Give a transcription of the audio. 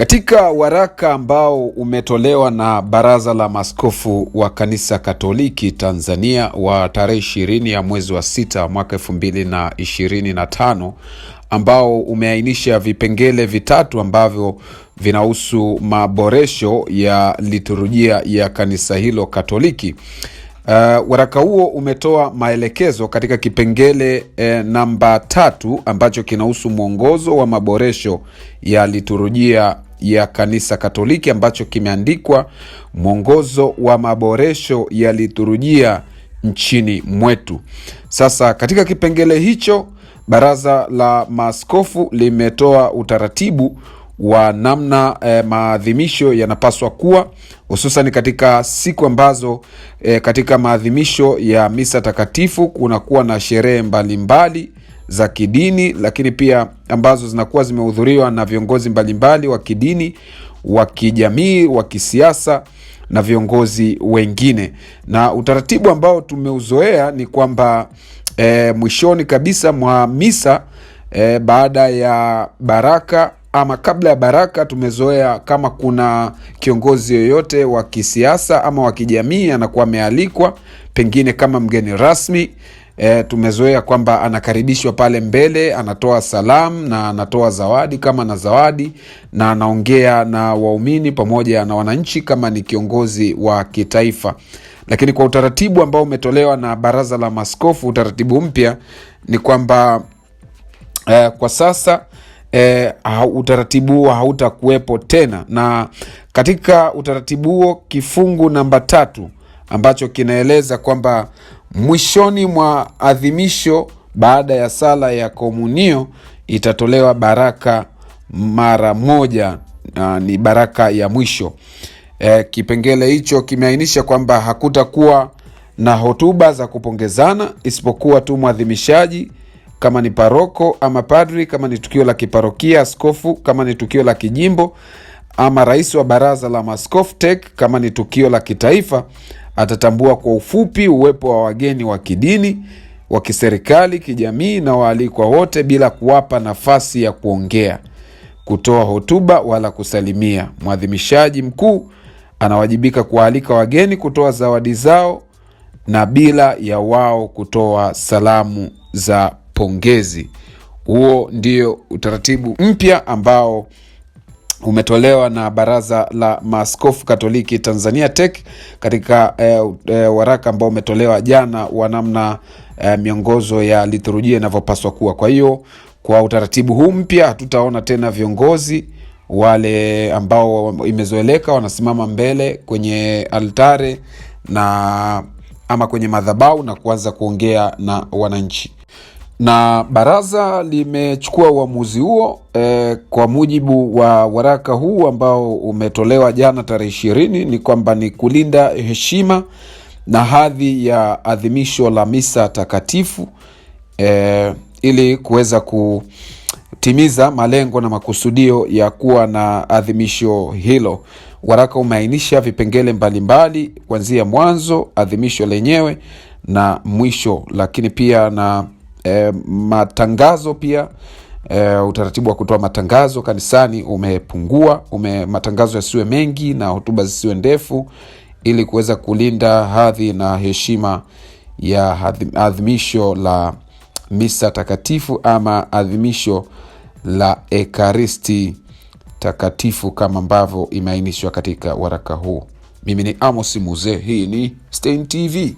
Katika waraka ambao umetolewa na Baraza la Maaskofu wa Kanisa Katoliki Tanzania wa tarehe ishirini ya mwezi wa sita mwaka elfu mbili na ishirini na tano ambao umeainisha vipengele vitatu ambavyo vinahusu maboresho ya liturujia ya kanisa hilo Katoliki. Uh, waraka huo umetoa maelekezo katika kipengele eh, namba tatu ambacho kinahusu mwongozo wa maboresho ya liturujia ya Kanisa Katoliki ambacho kimeandikwa mwongozo wa maboresho ya liturujia nchini mwetu. Sasa katika kipengele hicho, baraza la maaskofu limetoa utaratibu wa namna eh, maadhimisho yanapaswa kuwa hususan katika siku ambazo eh, katika maadhimisho ya misa takatifu kunakuwa na sherehe mbalimbali za kidini, lakini pia ambazo zinakuwa zimehudhuriwa na viongozi mbalimbali wa kidini, wa kijamii, wa kisiasa na viongozi wengine. Na utaratibu ambao tumeuzoea ni kwamba e, mwishoni kabisa mwa misa e, baada ya baraka ama kabla ya baraka tumezoea kama kuna kiongozi yoyote wa kisiasa ama wa kijamii anakuwa amealikwa, pengine kama mgeni rasmi E, tumezoea kwamba anakaribishwa pale mbele, anatoa salamu na anatoa zawadi kama na zawadi, na anaongea na waumini pamoja na wananchi kama ni kiongozi wa kitaifa. Lakini kwa utaratibu ambao umetolewa na Baraza la maskofu utaratibu mpya ni kwamba e, kwa sasa E, utaratibu huo hautakuwepo tena, na katika utaratibu huo kifungu namba tatu ambacho kinaeleza kwamba Mwishoni mwa adhimisho, baada ya sala ya komunio, itatolewa baraka mara moja. Uh, ni baraka ya mwisho. E, kipengele hicho kimeainisha kwamba hakutakuwa na hotuba za kupongezana isipokuwa tu mwadhimishaji kama ni paroko ama padri, kama ni tukio la kiparokia askofu, kama ni tukio la kijimbo ama rais wa baraza la maaskofu TEC, kama ni tukio la kitaifa atatambua kwa ufupi uwepo wa wageni wa kidini, wa kiserikali, kijamii na waalikwa wote bila kuwapa nafasi ya kuongea, kutoa hotuba wala kusalimia. Mwadhimishaji mkuu anawajibika kuwaalika wageni, kutoa zawadi zao na bila ya wao kutoa salamu za pongezi. Huo ndio utaratibu mpya ambao umetolewa na Baraza la Maaskofu Katoliki Tanzania TEC katika eh, eh, waraka ambao umetolewa jana wa namna eh, miongozo ya liturujia inavyopaswa kuwa. Kwa hiyo kwa utaratibu huu mpya hatutaona tena viongozi wale ambao imezoeleka wanasimama mbele kwenye altare na ama kwenye madhabahu na kuanza kuongea na wananchi na baraza limechukua uamuzi huo e, kwa mujibu wa waraka huu ambao umetolewa jana tarehe ishirini, ni kwamba ni kulinda heshima na hadhi ya adhimisho la misa takatifu e, ili kuweza kutimiza malengo na makusudio ya kuwa na adhimisho hilo. Waraka umeainisha vipengele mbalimbali kuanzia mwanzo, adhimisho lenyewe na mwisho, lakini pia na e, matangazo pia e, utaratibu wa kutoa matangazo kanisani umepungua ume, matangazo yasiwe mengi na hotuba zisiwe ndefu ili kuweza kulinda hadhi na heshima ya adhimisho la misa takatifu ama adhimisho la ekaristi takatifu kama ambavyo imeainishwa katika waraka huu. Mimi ni Amos Muze, hii ni Stein TV.